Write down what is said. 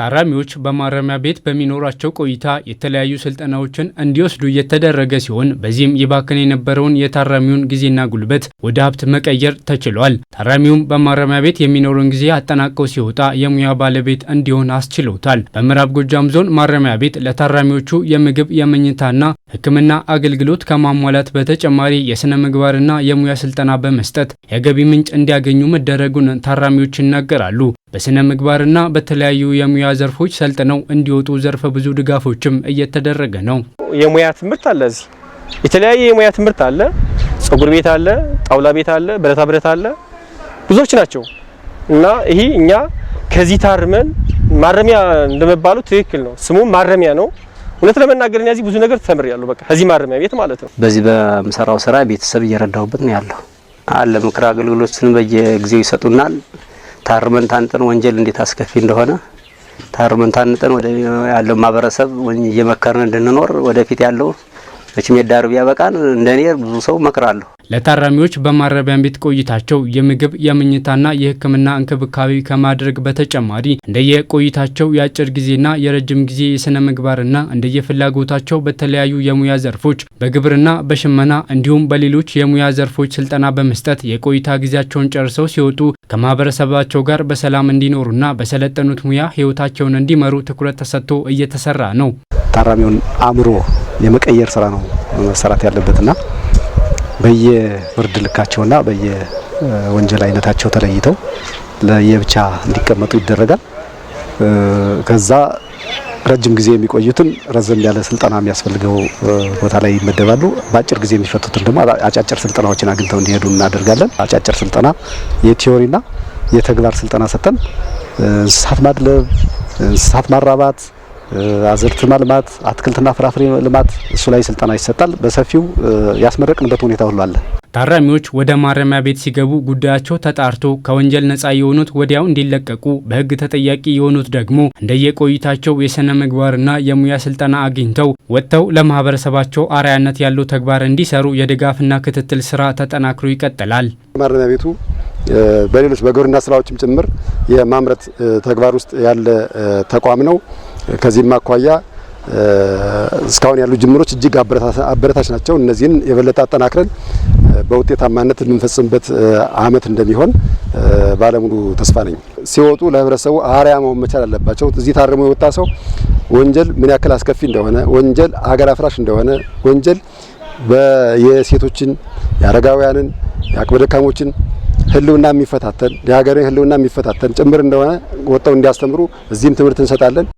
ታራሚዎች በማረሚያ ቤት በሚኖራቸው ቆይታ የተለያዩ ስልጠናዎችን እንዲወስዱ እየተደረገ ሲሆን በዚህም ይባክን የነበረውን የታራሚውን ጊዜና ጉልበት ወደ ሀብት መቀየር ተችሏል። ታራሚውም በማረሚያ ቤት የሚኖረውን ጊዜ አጠናቀው ሲወጣ የሙያ ባለቤት እንዲሆን አስችሎታል። በምዕራብ ጎጃም ዞን ማረሚያ ቤት ለታራሚዎቹ የምግብ የመኝታና ሕክምና አገልግሎት ከማሟላት በተጨማሪ የሥነ ምግባርና የሙያ ስልጠና በመስጠት የገቢ ምንጭ እንዲያገኙ መደረጉን ታራሚዎች ይናገራሉ። በሥነ ምግባርና በተለያዩ የሙያ ዘርፎች ሰልጥነው እንዲወጡ ዘርፈ ብዙ ድጋፎችም እየተደረገ ነው። የሙያ ትምህርት አለ፣ እዚህ የተለያየ የሙያ ትምህርት አለ። ጸጉር ቤት አለ፣ ጣውላ ቤት አለ፣ ብረታ ብረት አለ፣ ብዙዎች ናቸው እና ይሄ እኛ ከዚህ ታርመን ማረሚያ እንደመባሉ ትክክል ነው። ስሙም ማረሚያ ነው። እውነት ለመናገር እዚህ ብዙ ነገር ተምሬያለሁ። በቃ ከዚህ ማረሚያ ቤት ማለት ነው። በዚህ በምሰራው ስራ ቤተሰብ እየረዳሁበት ነው ያለው አለ። ምክር አገልግሎትን በየጊዜው ይሰጡናል። ታርመን ታንጠን ወንጀል እንዴት አስከፊ እንደሆነ ታርመን ታንጠን ወደ ያለው ማህበረሰብ እየመከርን እንድንኖር ወደፊት ያለው መቼም የዳሩ ቢያበቃን እንደኔ ብዙ ሰው መክራለሁ። ለታራሚዎች በማረቢያ ቤት ቆይታቸው የምግብ የምኝታና የሕክምና እንክብካቤ ከማድረግ በተጨማሪ እንደየቆይታቸው የአጭር ጊዜና የረጅም ጊዜ የስነ ምግባርና እንደየፍላጎታቸው በተለያዩ የሙያ ዘርፎች በግብርና፣ በሽመና እንዲሁም በሌሎች የሙያ ዘርፎች ስልጠና በመስጠት የቆይታ ጊዜያቸውን ጨርሰው ሲወጡ ከማህበረሰባቸው ጋር በሰላም እንዲኖሩና በሰለጠኑት ሙያ ህይወታቸውን እንዲመሩ ትኩረት ተሰጥቶ እየተሰራ ነው። ታራሚውን አእምሮ የመቀየር ስራ ነው መሰራት ያለበትና በየፍርድ ልካቸውና በየወንጀል አይነታቸው ተለይተው ለየብቻ እንዲቀመጡ ይደረጋል። ከዛ ረጅም ጊዜ የሚቆዩትን ረዘም ያለ ስልጠና የሚያስፈልገው ቦታ ላይ ይመደባሉ። በአጭር ጊዜ የሚፈቱትን ደግሞ አጫጭር ስልጠናዎችን አግኝተው እንዲሄዱ እናደርጋለን። አጫጭር ስልጠና የቲዮሪና የተግባር ስልጠና ሰጠን እንስሳት ማድለብ፣ እንስሳት ማራባት አዝርት ማልማት፣ አትክልትና ፍራፍሬ ልማት እሱ ላይ ስልጠና ይሰጣል። በሰፊው ያስመረቅንበት ሁኔታ ሁሉ አለ። ታራሚዎች ወደ ማረሚያ ቤት ሲገቡ ጉዳያቸው ተጣርቶ ከወንጀል ነጻ የሆኑት ወዲያው እንዲለቀቁ፣ በህግ ተጠያቂ የሆኑት ደግሞ እንደየቆይታቸው የሥነ ምግባርና የሙያ ስልጠና አግኝተው ወጥተው ለማህበረሰባቸው አርአያነት ያለው ተግባር እንዲሰሩ የድጋፍና ክትትል ስራ ተጠናክሮ ይቀጥላል። ማረሚያ ቤቱ በሌሎች በግብርና ስራዎችም ጭምር የማምረት ተግባር ውስጥ ያለ ተቋም ነው። ከዚህም አኳያ እስካሁን ያሉ ጅምሮች እጅግ አበረታች ናቸው። እነዚህን የበለጠ አጠናክረን በውጤታማነት የምንፈጽምበት አመት እንደሚሆን ባለሙሉ ተስፋ ነኝ። ሲወጡ ለህብረተሰቡ አርአያ መሆን መቻል አለባቸው። እዚህ ታርሞ የወጣ ሰው ወንጀል ምን ያክል አስከፊ እንደሆነ፣ ወንጀል አገር አፍራሽ እንደሆነ፣ ወንጀል የሴቶችን፣ የአረጋውያንን፣ የአቅመ ደካሞችን ህልውና የሚፈታተን የሀገርን ህልውና የሚፈታተን ጭምር እንደሆነ ወጣው እንዲያስተምሩ እዚህም ትምህርት እንሰጣለን።